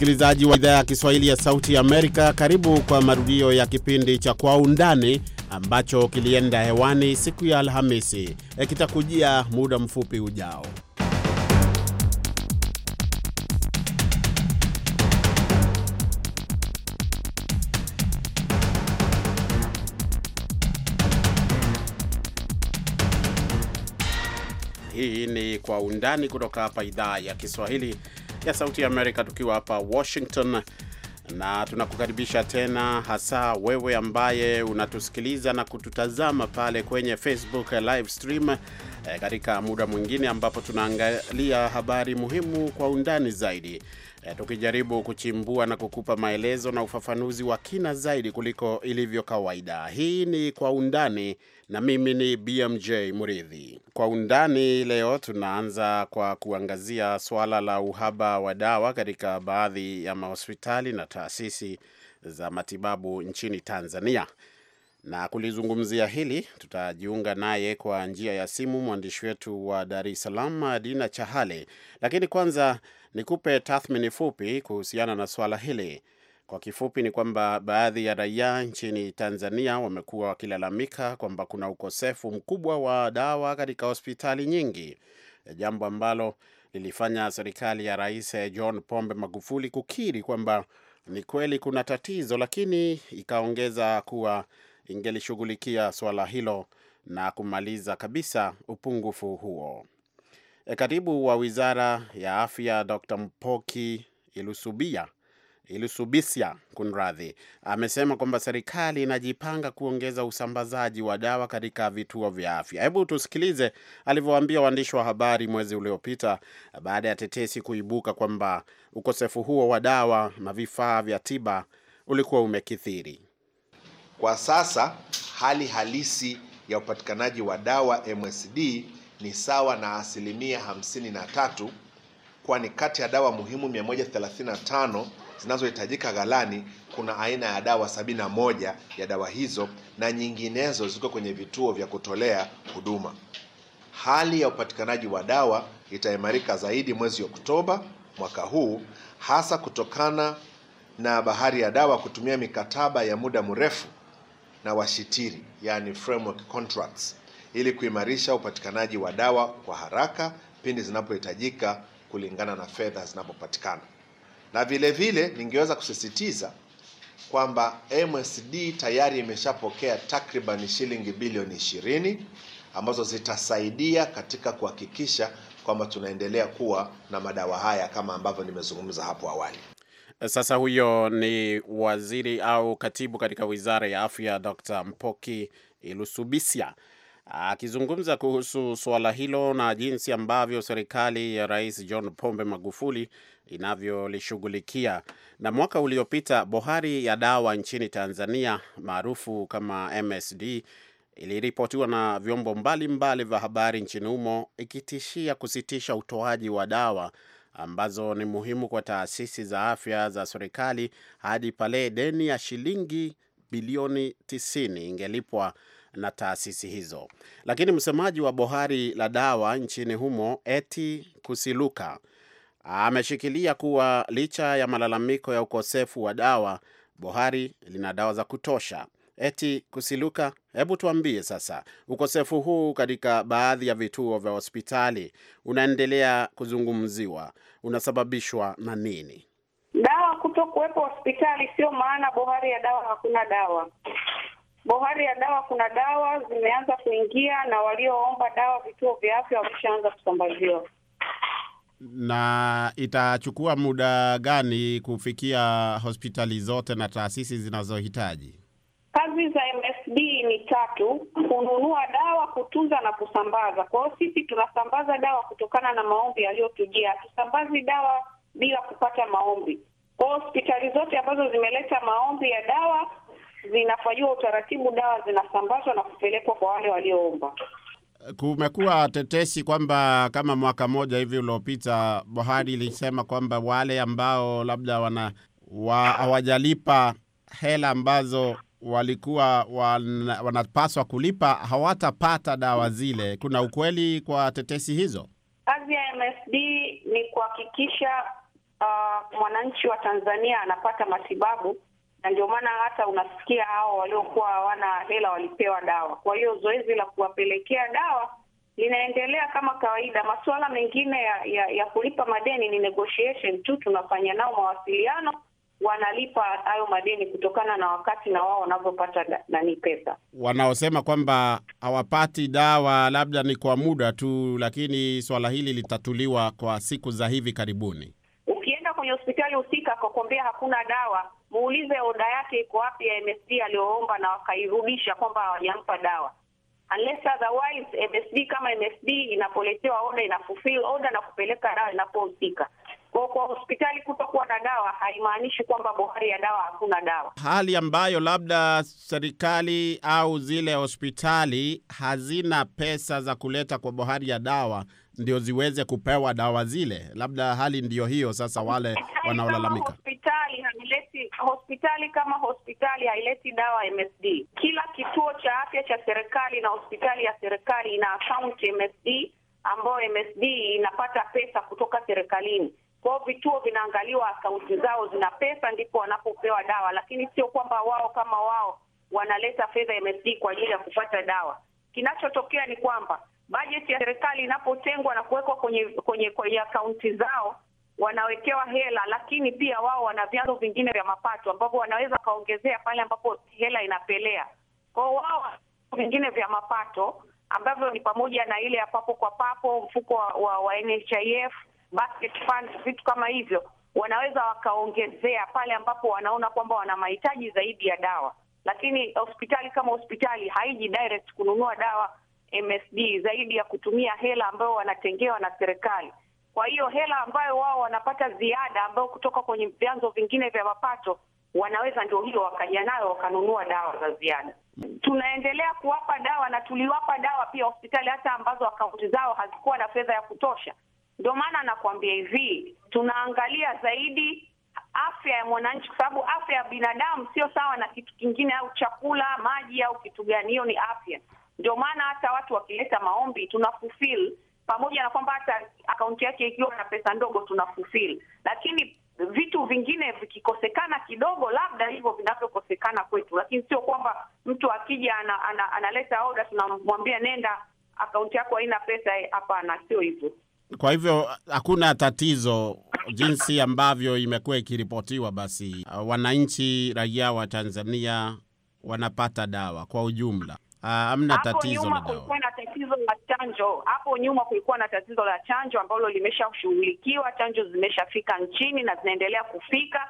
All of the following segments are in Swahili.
msikilizaji wa idhaa ya Kiswahili ya Sauti Amerika, karibu kwa marudio ya kipindi cha Kwa Undani ambacho kilienda hewani siku ya Alhamisi. E, kitakujia muda mfupi ujao. Hii ni Kwa Undani kutoka hapa idhaa ya Kiswahili ya Sauti ya Amerika tukiwa hapa Washington, na tunakukaribisha tena, hasa wewe ambaye unatusikiliza na kututazama pale kwenye Facebook live stream Eh, katika muda mwingine ambapo tunaangalia habari muhimu kwa undani zaidi e, tukijaribu kuchimbua na kukupa maelezo na ufafanuzi wa kina zaidi kuliko ilivyo kawaida. Hii ni Kwa Undani na mimi ni BMJ Muridhi. Kwa Undani leo tunaanza kwa kuangazia swala la uhaba wa dawa katika baadhi ya mahospitali na taasisi za matibabu nchini Tanzania. Na kulizungumzia hili tutajiunga naye kwa njia ya simu mwandishi wetu wa Dar es Salaam Dina Chahale, lakini kwanza nikupe tathmini fupi kuhusiana na swala hili. Kwa kifupi ni kwamba baadhi ya raia nchini Tanzania wamekuwa wakilalamika kwamba kuna ukosefu mkubwa wa dawa katika hospitali nyingi, jambo ambalo lilifanya serikali ya Rais John Pombe Magufuli kukiri kwamba ni kweli kuna tatizo, lakini ikaongeza kuwa ingelishughulikia suala hilo na kumaliza kabisa upungufu huo. E, katibu wa wizara ya afya Dr. Mpoki Ilusubia Ilusubisia, kunradhi, amesema kwamba serikali inajipanga kuongeza usambazaji wa dawa katika vituo vya afya. Hebu tusikilize alivyowaambia waandishi wa habari mwezi uliopita baada ya tetesi kuibuka kwamba ukosefu huo wa dawa na vifaa vya tiba ulikuwa umekithiri. Kwa sasa hali halisi ya upatikanaji wa dawa MSD ni sawa na asilimia 53, kwani kati ya dawa muhimu 135 zinazohitajika ghalani kuna aina ya dawa 71 ya dawa hizo na nyinginezo ziko kwenye vituo vya kutolea huduma. Hali ya upatikanaji wa dawa itaimarika zaidi mwezi Oktoba mwaka huu, hasa kutokana na bahari ya dawa kutumia mikataba ya muda mrefu na washitiri, yani framework contracts, ili kuimarisha upatikanaji wa dawa kwa haraka pindi zinapohitajika kulingana na fedha zinapopatikana. Na vile vile ningeweza kusisitiza kwamba MSD tayari imeshapokea takriban shilingi bilioni ishirini ambazo zitasaidia katika kuhakikisha kwamba tunaendelea kuwa na madawa haya kama ambavyo nimezungumza hapo awali. Sasa huyo ni waziri au katibu katika wizara ya afya Dr. Mpoki ilusubisia akizungumza kuhusu suala hilo na jinsi ambavyo serikali ya Rais John Pombe Magufuli inavyolishughulikia. Na mwaka uliopita bohari ya dawa nchini Tanzania maarufu kama MSD iliripotiwa na vyombo mbalimbali vya habari nchini humo ikitishia kusitisha utoaji wa dawa ambazo ni muhimu kwa taasisi za afya za serikali hadi pale deni ya shilingi bilioni 90 ingelipwa na taasisi hizo. Lakini msemaji wa bohari la dawa nchini humo Eti Kusiluka ameshikilia kuwa licha ya malalamiko ya ukosefu wa dawa, bohari lina dawa za kutosha eti kusiluka. Hebu tuambie sasa, ukosefu huu katika baadhi ya vituo vya hospitali unaendelea kuzungumziwa, unasababishwa na nini? Dawa kuto kuwepo hospitali sio maana bohari ya dawa, hakuna dawa bohari ya dawa. Kuna dawa zimeanza kuingia na walioomba dawa vituo vya afya wameshaanza kusambaziwa. Na itachukua muda gani kufikia hospitali zote na taasisi zinazohitaji? Kazi za MSD ni tatu: kununua dawa, kutunza na kusambaza. Kwa hiyo sisi tunasambaza dawa kutokana na maombi yaliyotujia, hatusambazi dawa bila kupata maombi. Kwa hiyo hospitali zote ambazo zimeleta maombi ya dawa zinafanyiwa utaratibu, dawa zinasambazwa na kupelekwa kwa wale walioomba. Kumekuwa tetesi kwamba kama mwaka mmoja hivi uliopita, bohari ilisema kwamba wale ambao labda wana hawajalipa wa, hela ambazo walikuwa wan, wanapaswa kulipa hawatapata dawa zile. Kuna ukweli kwa tetesi hizo? Kazi ya MSD ni kuhakikisha uh, mwananchi wa Tanzania anapata matibabu, na ndio maana hata unasikia hao waliokuwa hawana hela walipewa dawa. Kwa hiyo zoezi la kuwapelekea dawa linaendelea kama kawaida. Masuala mengine ya, ya, ya kulipa madeni ni negotiation tu, tunafanya nao mawasiliano wanalipa hayo madeni kutokana na wakati na wao wanavyopata nani pesa. Wanaosema kwamba hawapati dawa labda ni kwa muda tu, lakini swala hili litatuliwa kwa siku za hivi karibuni. Ukienda kwenye hospitali husika akakwambia hakuna dawa, muulize oda yake iko wapi ya MSD aliyoomba na wakairudisha kwamba hawajampa dawa. Unless otherwise MSD kama MSD inapoletewa oda inafulfill oda na kupeleka dawa inapohusika. Kwa kwa hospitali kutokuwa na dawa haimaanishi kwamba bohari ya dawa hakuna dawa, hali ambayo labda serikali au zile hospitali hazina pesa za kuleta kwa bohari ya dawa ndio ziweze kupewa dawa zile, labda hali ndiyo hiyo. Sasa wale wanaolalamika hospitali haileti, hospitali kama hospitali haileti dawa MSD. Kila kituo cha afya cha serikali na hospitali ya serikali ina akaunti MSD ambayo MSD inapata pesa kutoka serikalini. Kwa hiyo vituo vinaangaliwa akaunti zao zina pesa, ndipo wanapopewa dawa, lakini sio kwamba wao kama wao wanaleta fedha MSD kwa ajili ya kupata dawa. Kinachotokea ni kwamba bajeti ya serikali inapotengwa na kuwekwa kwenye kwenye kwenye akaunti zao wanawekewa hela, lakini pia wao wana vyanzo vingine vya mapato ambavyo wanaweza wakaongezea pale ambapo hela inapelea. kwao. wao vingine vya mapato ambavyo ni pamoja na ile ya papo kwa papo, mfuko wa, wa, wa NHIF basket fund, vitu kama hivyo, wanaweza wakaongezea pale ambapo wanaona kwamba wana mahitaji zaidi ya dawa. Lakini hospitali kama hospitali haiji direct kununua dawa MSD zaidi ya kutumia hela ambayo wanatengewa na serikali. Kwa hiyo hela ambayo wao wanapata ziada ambayo kutoka kwenye vyanzo vingine vya mapato wanaweza ndio hiyo wakaja nayo wakanunua dawa za ziada. Tunaendelea kuwapa dawa na tuliwapa dawa pia hospitali hata ambazo akaunti zao hazikuwa na fedha ya kutosha, ndio maana nakwambia hivi, tunaangalia zaidi afya ya mwananchi, kwa sababu afya ya binadamu sio sawa na kitu kingine, au chakula, maji au kitu gani, hiyo ni afya. Ndio maana hata watu wakileta maombi tunafufil, pamoja na kwamba hata akaunti yake ikiwa na pesa ndogo tunafufil, lakini vitu vingine vikikosekana kidogo, labda hivyo vinavyokosekana kwetu, lakini sio kwamba mtu akija ana, ana, analeta oda tunamwambia nenda akaunti yako haina pesa. Eh, hapana, sio hivyo. Kwa hivyo hakuna tatizo jinsi ambavyo imekuwa ikiripotiwa. Basi uh, wananchi raia wa Tanzania wanapata dawa kwa ujumla. Uh, hamna uh, tatizo la dawa la chanjo. Hapo nyuma kulikuwa na tatizo la chanjo ambalo limeshashughulikiwa, chanjo zimeshafika nchini na zinaendelea kufika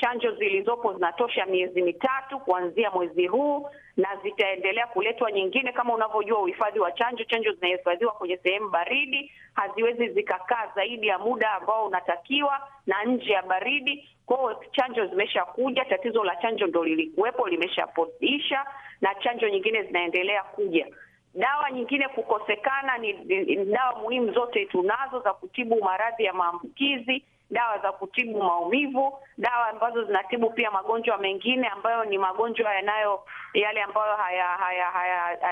Chanjo zilizopo zinatosha miezi mitatu kuanzia mwezi huu na zitaendelea kuletwa nyingine. Kama unavyojua uhifadhi wa chanjo, chanjo zinahifadhiwa kwenye sehemu baridi, haziwezi zikakaa zaidi ya muda ambao unatakiwa na nje ya baridi. Kwao chanjo chanjo zimeshakuja, tatizo la chanjo ndo lilikuwepo, limeshapotisha na chanjo nyingine zinaendelea kuja. Dawa nyingine kukosekana ni, ni, ni dawa muhimu zote tunazo za kutibu maradhi ya maambukizi dawa za kutibu maumivu, dawa ambazo zinatibu pia magonjwa mengine ambayo ni magonjwa yanayo yale ambayo haya, haya, haya, haya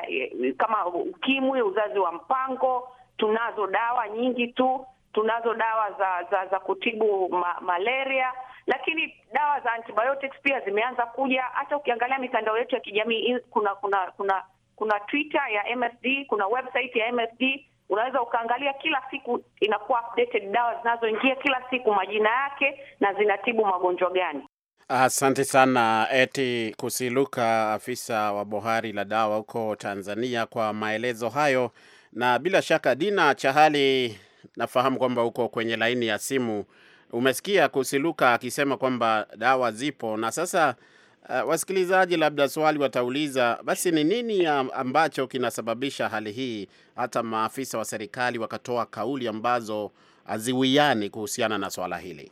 kama ukimwi, uzazi wa mpango. Tunazo dawa nyingi tu, tunazo dawa za za, za kutibu ma, malaria lakini dawa za antibiotics pia zimeanza kuja. Hata ukiangalia mitandao yetu ya kijamii kuna kuna kuna kuna Twitter ya MSD, kuna website ya MSD unaweza ukaangalia kila siku inakuwa updated, dawa zinazoingia kila siku, majina yake na zinatibu magonjwa gani. Asante sana Eti Kusiluka, afisa wa bohari la dawa huko Tanzania, kwa maelezo hayo. Na bila shaka, Dina Chahali, nafahamu kwamba uko kwenye laini ya simu. Umesikia Kusiluka akisema kwamba dawa zipo na sasa Uh, wasikilizaji labda swali watauliza basi, ni nini ambacho kinasababisha hali hii, hata maafisa wa serikali wakatoa kauli ambazo haziwiani kuhusiana na swala hili?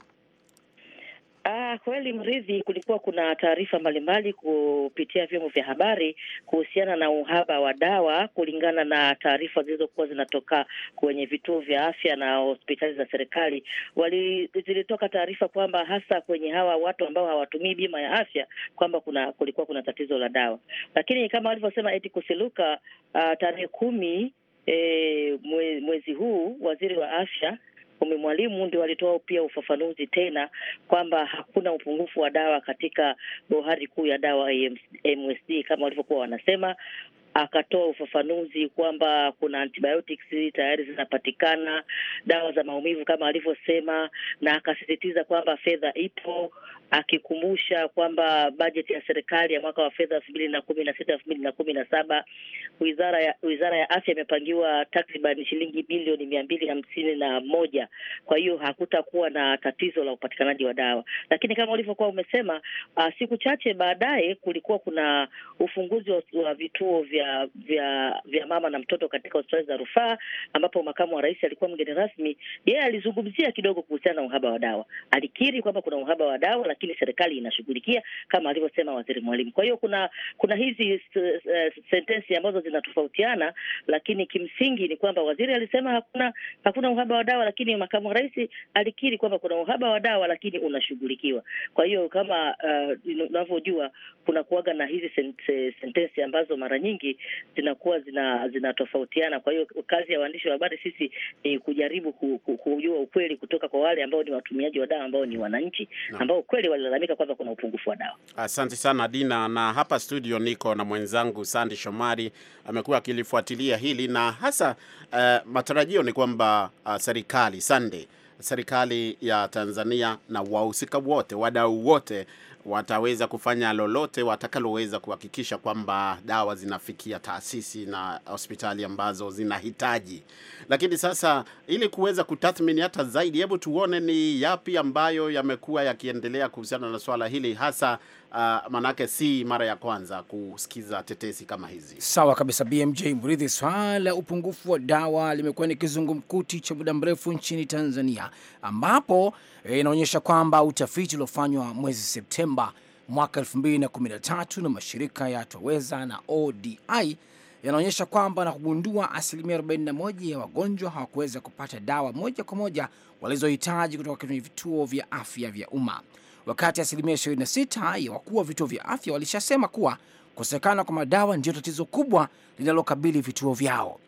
Ah, kweli mridhi, kulikuwa kuna taarifa mbalimbali kupitia vyombo vya habari kuhusiana na uhaba wa dawa, kulingana na taarifa zilizokuwa zinatoka kwenye vituo vya afya na hospitali za serikali. Wali zilitoka taarifa kwamba hasa kwenye hawa watu ambao hawatumii bima ya afya kwamba kuna kulikuwa kuna tatizo la dawa, lakini kama walivyosema eti kusiluka, uh, tarehe kumi E, mwezi huu waziri wa afya umi mwalimu ndio alitoa pia ufafanuzi tena kwamba hakuna upungufu wa dawa katika bohari kuu ya dawa MSD kama walivyokuwa wanasema akatoa ufafanuzi kwamba kuna antibiotics tayari zinapatikana, dawa za maumivu kama alivyosema, na akasisitiza kwamba fedha ipo, akikumbusha kwamba bajeti ya serikali ya mwaka wa fedha elfu mbili na kumi na sita elfu mbili na kumi na saba wizara ya wizara ya afya imepangiwa takriban shilingi bilioni mia mbili hamsini na moja. Kwa hiyo hakutakuwa na tatizo la upatikanaji wa dawa, lakini kama ulivyokuwa umesema, uh, siku chache baadaye kulikuwa kuna ufunguzi wa, wa vituo vya vya vya mama na mtoto katika hospitali za rufaa, ambapo makamu wa rais alikuwa mgeni rasmi. Yeye yeah, alizungumzia kidogo kuhusiana na uhaba wa dawa, alikiri kwamba kuna uhaba wa dawa lakini serikali inashughulikia kama alivyosema waziri Mwalimu. Kwa hiyo kuna kuna hizi uh, sentensi ambazo zinatofautiana, lakini kimsingi ni kwamba waziri alisema hakuna hakuna uhaba wa dawa, lakini makamu wa rais alikiri kwamba kuna uhaba wa dawa, lakini unashughulikiwa. Kwa hiyo kama uh, unavyojua kuna kuaga na hizi sentensi ambazo mara nyingi zinakuwa zina zinatofautiana. Kwa hiyo kazi ya waandishi wa habari sisi ni kujaribu kujua ukweli kutoka kwa wale ambao ni watumiaji wa dawa ambao ni wananchi ambao kweli kweli walilalamika kwamba kuna upungufu wa dawa. Asante sana Dina, na hapa studio niko na mwenzangu Sandi Shomari, amekuwa akilifuatilia hili na hasa uh, matarajio ni kwamba uh, serikali Sande, serikali ya Tanzania na wahusika wote, wadau wote wataweza kufanya lolote watakaloweza kuhakikisha kwamba dawa zinafikia taasisi na hospitali ambazo zinahitaji. Lakini sasa, ili kuweza kutathmini hata zaidi, hebu tuone ni yapi ambayo yamekuwa yakiendelea kuhusiana na swala hili hasa. Uh, manake si mara ya kwanza kusikiza tetesi kama hizi. Sawa kabisa, BMJ Mridhi. Swala upungufu wa dawa limekuwa ni kizungumkuti cha muda mrefu nchini Tanzania, ambapo eh, inaonyesha kwamba utafiti uliofanywa mwezi Septemba Disemba mwaka 2013 na mashirika ya Twaweza na ODI yanaonyesha kwamba na kugundua asilimia 41 ya wagonjwa hawakuweza kupata dawa moja kwa moja walizohitaji kutoka kwenye vituo vya afya vya umma, wakati asilimia 26 ya wakuu wa vituo vya afya walishasema kuwa kukosekana kwa madawa ndiyo tatizo kubwa linalokabili vituo vyao,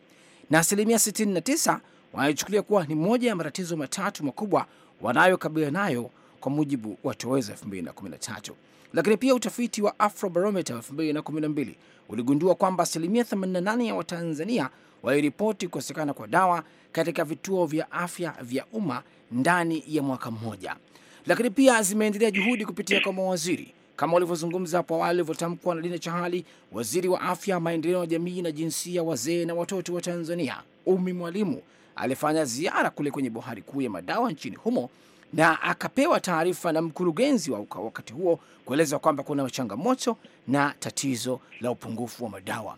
na asilimia 69 wanayochukulia kuwa ni moja ya matatizo matatu makubwa wanayokabiliana nayo kwa mujibu wa Toweza 2013. Lakini pia utafiti wa Afrobarometer 2012 uligundua kwamba asilimia 88 ya Watanzania waliripoti kukosekana kwa dawa katika vituo vya afya vya umma ndani ya mwaka mmoja. Lakini pia zimeendelea juhudi kupitia kwa mawaziri kama walivyozungumza hapo awali, walivyotamkwa na Dina Chahali, waziri wa afya, maendeleo ya jamii na jinsia, wazee na watoto wa Tanzania. Umi Mwalimu alifanya ziara kule kwenye bohari kuu ya madawa nchini humo na akapewa taarifa na mkurugenzi wa UKA wakati huo kueleza kwamba kuna changamoto na tatizo la upungufu wa madawa.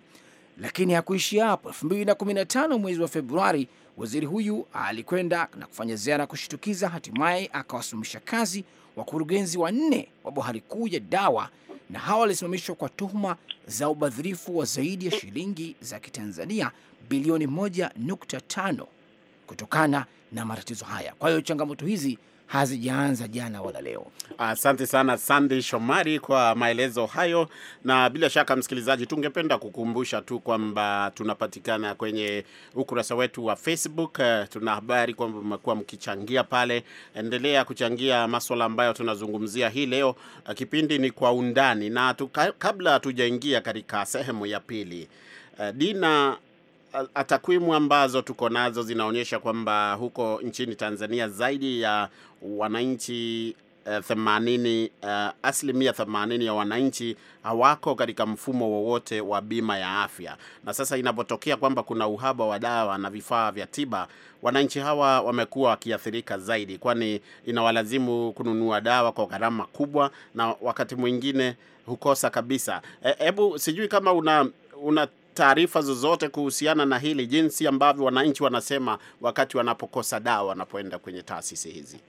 Lakini hakuishia hapo. 2015 mwezi wa Februari, waziri huyu alikwenda na kufanya ziara ya kushitukiza, hatimaye akawasimamisha kazi wakurugenzi wanne wa bohari kuu ya dawa, na hawa walisimamishwa kwa tuhuma za ubadhirifu wa zaidi ya shilingi za kitanzania bilioni 1.5 kutokana na matatizo haya. Kwa hiyo changamoto hizi hazijaanza jana wala leo. Asante sana Sandy Shomari kwa maelezo hayo, na bila shaka msikilizaji, tungependa kukumbusha tu kwamba tunapatikana kwenye ukurasa wetu wa Facebook. Tuna habari kwamba mmekuwa mkichangia pale, endelea kuchangia maswala ambayo tunazungumzia hii leo. Kipindi ni kwa undani, na tuka, kabla hatujaingia katika sehemu ya pili, eh, Dina takwimu ambazo tuko nazo zinaonyesha kwamba huko nchini Tanzania zaidi ya wananchi eh, themanini uh, asilimia themanini ya wananchi hawako katika mfumo wowote wa bima ya afya. Na sasa inapotokea kwamba kuna uhaba wa dawa na vifaa vya tiba, wananchi hawa wamekuwa wakiathirika zaidi, kwani inawalazimu kununua dawa kwa gharama kubwa na wakati mwingine hukosa kabisa. Eh, hebu e, sijui kama una una taarifa zozote kuhusiana na hili, jinsi ambavyo wananchi wanasema wakati wanapokosa dawa wanapoenda kwenye taasisi hizi?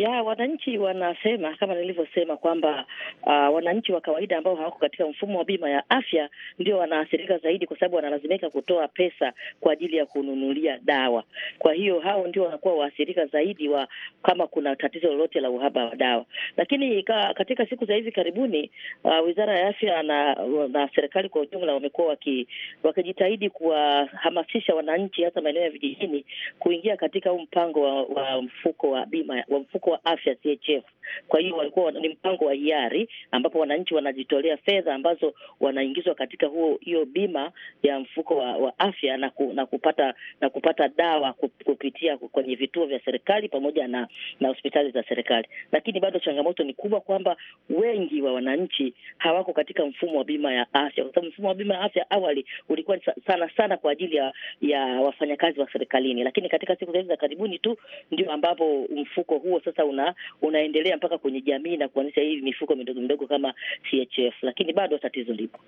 ya wananchi wanasema kama nilivyosema kwamba uh, wananchi wa kawaida ambao hawako katika mfumo wa bima ya afya ndio wanaathirika zaidi, kwa sababu wanalazimika kutoa pesa kwa ajili ya kununulia dawa. Kwa hiyo hao ndio wanakuwa waathirika zaidi wa kama kuna tatizo lolote la uhaba wa dawa. Lakini ka, katika siku za hivi karibuni uh, wizara ya afya na, na serikali kwa ujumla wamekuwa waki, wakijitahidi kuwahamasisha wananchi hasa maeneo ya vijijini kuingia katika huu mpango wa, wa mfuko wa bima wa mfuko mkuu wa afya CHF. Kwa hiyo walikuwa ni mpango wa hiari ambapo wananchi wanajitolea fedha ambazo wanaingizwa katika huo hiyo bima ya mfuko wa, wa afya na, ku, na kupata na kupata dawa kupitia kwenye vituo vya serikali pamoja na na hospitali za serikali. Lakini bado changamoto ni kubwa kwamba wengi wa wananchi hawako katika mfumo wa bima ya afya, kwa sababu mfumo wa bima ya afya awali ulikuwa sana sana kwa ajili ya, ya wafanyakazi wa serikalini, lakini katika siku za hivi za karibuni tu ndio ambapo mfuko huo sasa sasa una, unaendelea mpaka kwenye jamii na kuanzisha hii mifuko midogo midogo kama CHF, lakini bado tatizo lipo.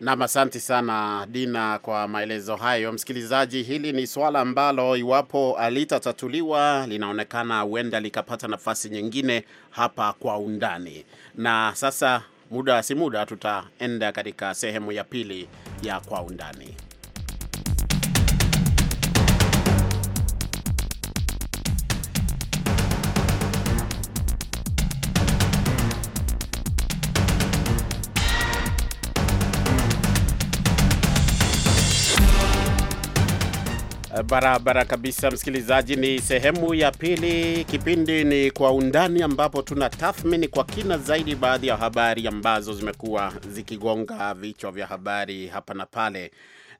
Nam, asante sana Dina kwa maelezo hayo. Msikilizaji, hili ni swala ambalo iwapo alitatatuliwa linaonekana huenda likapata nafasi nyingine hapa kwa undani. Na sasa muda si muda tutaenda katika sehemu ya pili ya kwa undani. Eh, barabara kabisa, msikilizaji. Ni sehemu ya pili, kipindi ni Kwa Undani, ambapo tuna tathmini kwa kina zaidi baadhi ya habari ambazo zimekuwa zikigonga vichwa vya habari hapa na pale.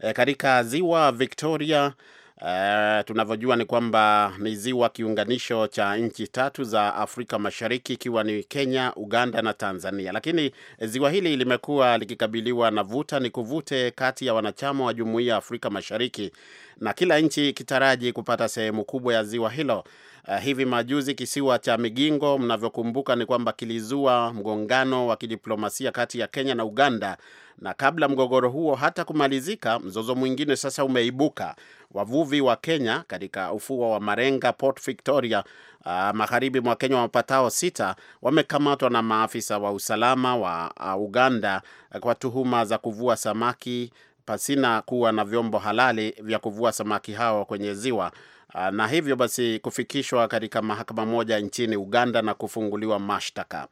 E, katika ziwa Victoria Uh, tunavyojua ni kwamba ni ziwa kiunganisho cha nchi tatu za Afrika Mashariki ikiwa ni Kenya, Uganda na Tanzania, lakini ziwa hili limekuwa likikabiliwa na vuta ni kuvute kati ya wanachama wa Jumuiya ya Afrika Mashariki na kila nchi ikitaraji kupata sehemu kubwa ya ziwa hilo Uh, hivi majuzi kisiwa cha Migingo, mnavyokumbuka ni kwamba kilizua mgongano wa kidiplomasia kati ya Kenya na Uganda, na kabla mgogoro huo hata kumalizika, mzozo mwingine sasa umeibuka. Wavuvi wa Kenya katika ufuo wa Marenga, Port Victoria, uh, magharibi mwa Kenya, wapatao sita wamekamatwa na maafisa wa usalama wa uh, Uganda eh, kwa tuhuma za kuvua samaki pasina kuwa na vyombo halali vya kuvua samaki hao kwenye ziwa Ah, na hivyo basi kufikishwa katika mahakama moja nchini Uganda na kufunguliwa mashtaka.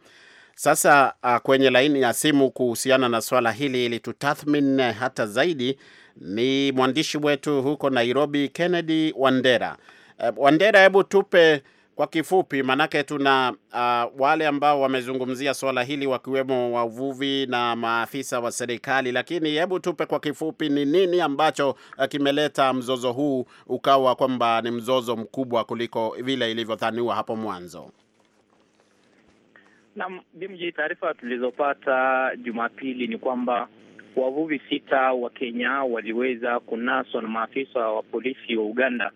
Sasa ah, kwenye laini ya simu kuhusiana na swala hili ili tutathmini eh, hata zaidi ni mwandishi wetu huko Nairobi, Kennedy Wandera. Eh, Wandera, hebu tupe kwa kifupi, manake tuna uh, wale ambao wamezungumzia swala hili wakiwemo wavuvi na maafisa wa serikali, lakini hebu tupe kwa kifupi, ni nini ambacho uh, kimeleta mzozo huu ukawa kwamba ni mzozo mkubwa kuliko vile ilivyodhaniwa hapo mwanzo? Naam, BMJ, taarifa tulizopata Jumapili ni kwamba wavuvi sita wa Kenya waliweza kunaswa na maafisa wa polisi wa Uganda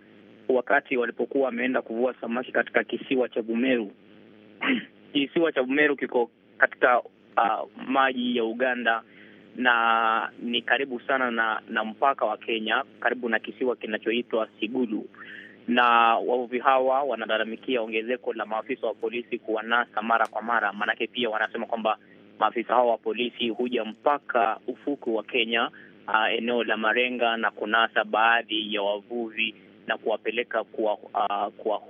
wakati walipokuwa wameenda kuvua samaki katika kisiwa cha Bumeru. Kisiwa cha Bumeru kiko katika uh, maji ya Uganda na ni karibu sana na, na mpaka wa Kenya, karibu na kisiwa kinachoitwa sigulu na wavuvi hawa wanalalamikia ongezeko la maafisa wa polisi kuwanasa mara kwa mara. Maanake pia wanasema kwamba maafisa hawa wa polisi huja mpaka ufuku wa Kenya, uh, eneo la Marenga na kunasa baadhi ya wavuvi na kuwapeleka uh, kuwa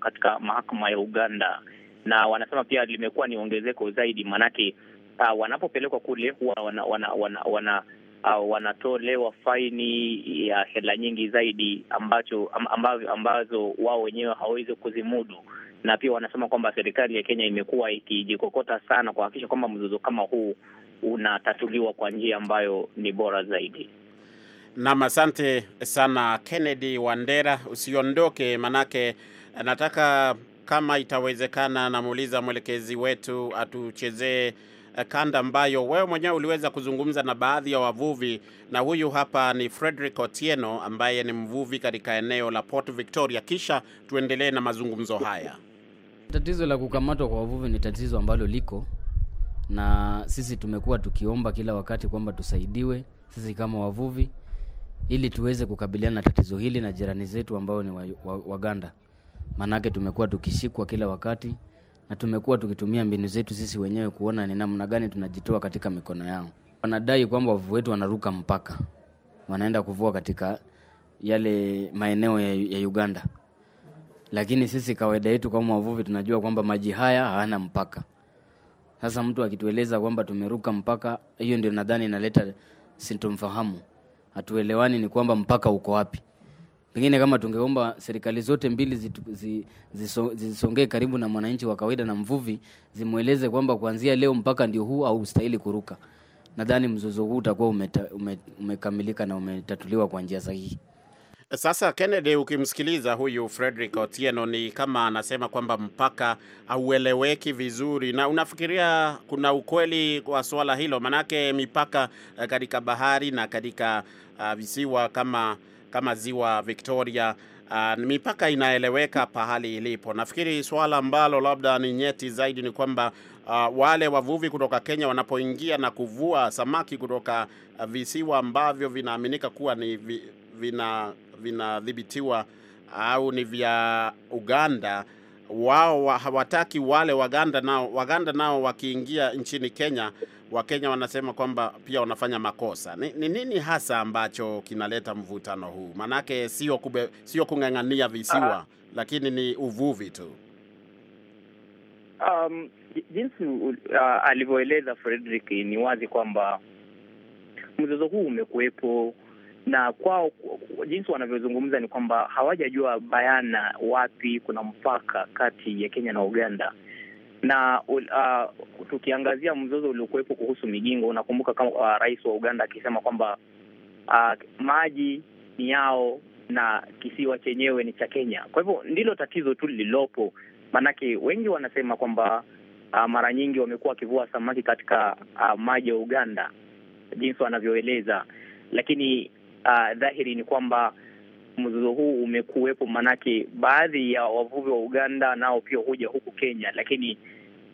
katika mahakama ya Uganda, na wanasema pia limekuwa ni ongezeko zaidi, maanake uh, wanapopelekwa kule huwa wana, wana, wana, wana Uh, wanatolewa faini ya hela nyingi zaidi ambacho ambazo, ambazo wao wenyewe hawawezi kuzimudu, na pia wanasema kwamba serikali ya Kenya imekuwa ikijikokota sana kuhakikisha kwamba mzozo kama huu unatatuliwa kwa njia ambayo ni bora zaidi. Nam, asante sana Kennedy Wandera, usiondoke manake nataka kama itawezekana, namuuliza mwelekezi wetu atuchezee eh, kanda ambayo wewe mwenyewe uliweza kuzungumza na baadhi ya wavuvi, na huyu hapa ni Frederick Otieno ambaye ni mvuvi katika eneo la Port Victoria, kisha tuendelee na mazungumzo haya. Tatizo la kukamatwa kwa wavuvi ni tatizo ambalo liko na sisi, tumekuwa tukiomba kila wakati kwamba tusaidiwe sisi kama wavuvi ili tuweze kukabiliana na tatizo hili na jirani zetu ambao ni Waganda wa, wa maanake tumekuwa tukishikwa kila wakati na tumekuwa tukitumia mbinu zetu sisi wenyewe kuona ni namna gani tunajitoa katika mikono yao. Wanadai kwamba wavuvi wetu wanaruka mpaka, wanaenda kuvua katika yale maeneo ya, ya Uganda, lakini sisi kawaida yetu kama wavuvi tunajua kwamba maji haya hayana mpaka. Sasa mtu akitueleza kwamba tumeruka mpaka, hiyo ndio nadhani inaleta sintomfahamu hatuelewani ni kwamba mpaka uko wapi. Pengine kama tungeomba serikali zote mbili zisongee karibu na mwananchi wa kawaida na mvuvi, zimweleze kwamba kuanzia leo mpaka ndio huu au ustahili kuruka, nadhani mzozo huu utakuwa umekamilika ume, ume na umetatuliwa kwa njia sahihi. Sasa Kennedy, ukimsikiliza huyu Frederick Otieno ni kama anasema kwamba mpaka haueleweki vizuri, na unafikiria kuna ukweli kwa suala hilo? Manake mipaka eh, katika bahari na katika uh, visiwa kama kama ziwa Victoria uh, mipaka inaeleweka pahali ilipo. Nafikiri swala ambalo labda ni nyeti zaidi ni kwamba uh, wale wavuvi kutoka Kenya wanapoingia na kuvua samaki kutoka uh, visiwa ambavyo vinaaminika kuwa ni vi, vinadhibitiwa vina au ni vya Uganda, wao hawataki wale Waganda nao, Waganda nao wakiingia nchini Kenya, Wakenya wanasema kwamba pia wanafanya makosa. Ni, ni nini hasa ambacho kinaleta mvutano huu? Maanake sio sio kung'ang'ania visiwa uh ah. -huh. Lakini ni uvuvi tu um, jinsi uh, alivyoeleza Frederick, ni wazi kwamba mzozo huu umekuwepo na kwao jinsi wanavyozungumza ni kwamba hawajajua bayana wapi kuna mpaka kati ya Kenya na Uganda na uh, tukiangazia mzozo uliokuwepo kuhusu migingo, unakumbuka kama uh, rais wa Uganda akisema kwamba uh, maji ni yao na kisiwa chenyewe ni cha Kenya. Kwa hivyo ndilo tatizo tu lililopo, maanake wengi wanasema kwamba uh, mara nyingi wamekuwa wakivua samaki katika uh, maji ya Uganda jinsi wanavyoeleza, lakini uh, dhahiri ni kwamba mzozo huu umekuwepo, maanake baadhi ya wavuvi wa Uganda nao pia huja huku Kenya, lakini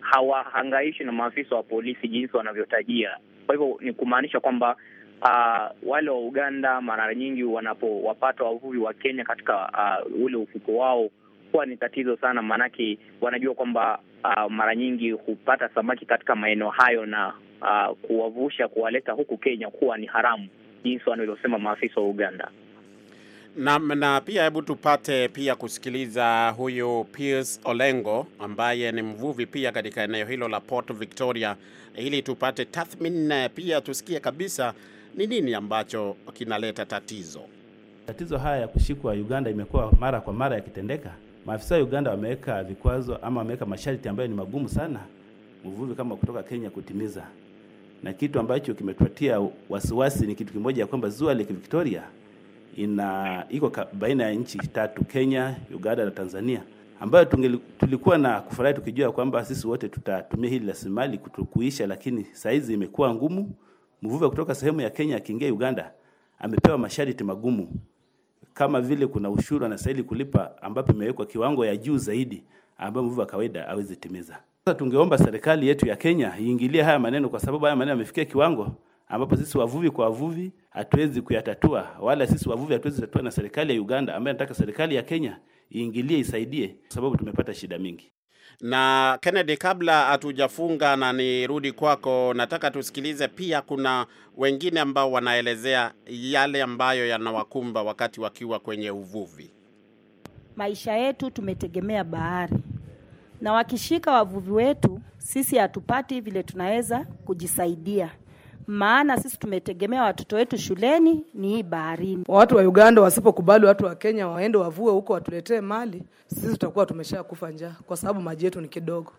hawahangaishi na maafisa wa polisi jinsi wanavyotajia. Kwa hivyo ni kumaanisha kwamba uh, wale wa Uganda mara nyingi wanapowapata wavuvi wa Kenya katika uh, ule ufuko wao huwa ni tatizo sana, maanake wanajua kwamba uh, mara nyingi hupata samaki katika maeneo hayo na uh, kuwavusha kuwaleta huku Kenya kuwa ni haramu jinsi wanavyosema maafisa wa Uganda. Na, na pia hebu tupate pia kusikiliza huyu Piers Olengo ambaye ni mvuvi pia katika eneo hilo la Port Victoria, ili tupate tathmini pia tusikie kabisa ni nini ambacho kinaleta tatizo. Tatizo haya ya kushikwa Uganda imekuwa mara kwa mara yakitendeka. Maafisa wa Uganda wameweka vikwazo ama wameweka masharti ambayo ni magumu sana mvuvi kama kutoka Kenya kutimiza na kitu ambacho kimetupatia wasiwasi ni kitu kimoja ya kwamba ziwa Lake Victoria ina iko baina ya nchi tatu, Kenya, Uganda na Tanzania, ambayo tulikuwa na kufurahi tukijua kwamba sisi wote tutatumia hili rasilimali kutukuisha, lakini saizi imekuwa ngumu. Mvuvi kutoka sehemu ya Kenya akiingia Uganda amepewa masharti magumu, kama vile kuna ushuru anastahili kulipa, ambapo imewekwa kiwango ya juu zaidi ambayo mvuvi wa kawaida hawezi timiza. Sasa tungeomba serikali yetu ya Kenya iingilie haya maneno, kwa sababu haya maneno yamefikia kiwango ambapo sisi wavuvi kwa wavuvi hatuwezi kuyatatua, wala sisi wavuvi hatuwezi kutatua na serikali ya Uganda, ambayo nataka serikali ya Kenya iingilie, isaidie, kwa sababu tumepata shida mingi. Na Kennedy, kabla hatujafunga na nirudi kwako, nataka tusikilize pia, kuna wengine ambao wanaelezea yale ambayo yanawakumba wakati wakiwa kwenye uvuvi. Maisha yetu tumetegemea bahari na wakishika wavuvi wetu, sisi hatupati vile tunaweza kujisaidia, maana sisi tumetegemea watoto wetu shuleni ni hii baharini. Watu wa Uganda wasipokubali watu wa Kenya waende wavue huko watuletee mali, sisi tutakuwa tumeshakufa njaa, kwa sababu maji yetu ni kidogo.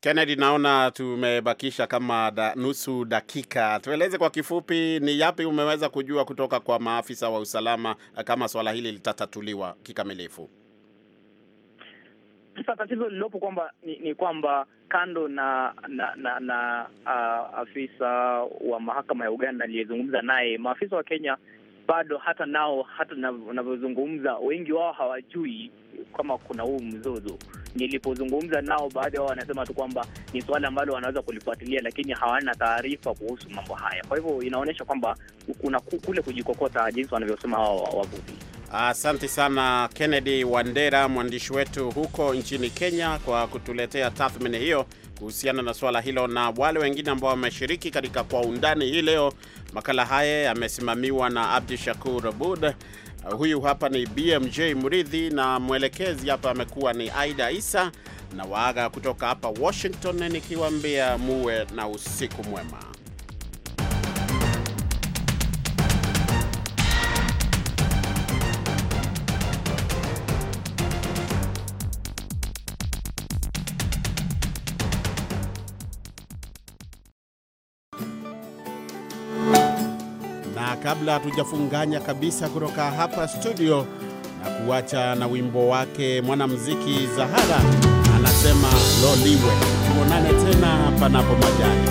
Kennedy, naona tumebakisha kama da, nusu dakika. Tueleze kwa kifupi, ni yapi umeweza kujua kutoka kwa maafisa wa usalama kama swala hili litatatuliwa kikamilifu? Sasa tatizo lililopo kwamba ni, ni kwamba kando na na, na, na uh, afisa wa mahakama ya Uganda aliyezungumza naye, maafisa wa Kenya bado hata nao hata wanavyozungumza, wengi wao hawajui kama kuna huu mzozo. Nilipozungumza nao, baadhi wao wanasema tu kwamba ni suala ambalo wanaweza kulifuatilia, lakini hawana taarifa kuhusu mambo haya. Kwa hivyo inaonyesha kwamba kuna kule kujikokota, jinsi wanavyosema hawa wavuvi. Asante sana Kennedy Wandera, mwandishi wetu huko nchini Kenya, kwa kutuletea tathmini hiyo kuhusiana na swala hilo na wale wengine ambao wameshiriki katika kwa undani hii leo. Makala haya yamesimamiwa na abdu Shakur Abud. Huyu hapa ni BMJ mridhi na mwelekezi hapa amekuwa ni Aida Isa na waaga kutoka hapa Washington nikiwaambia muwe na usiku mwema. kabla hatujafunganya kabisa kutoka hapa studio na kuacha na wimbo wake mwanamziki Zahara anasema loliwe. Tuonane tena panapo majani.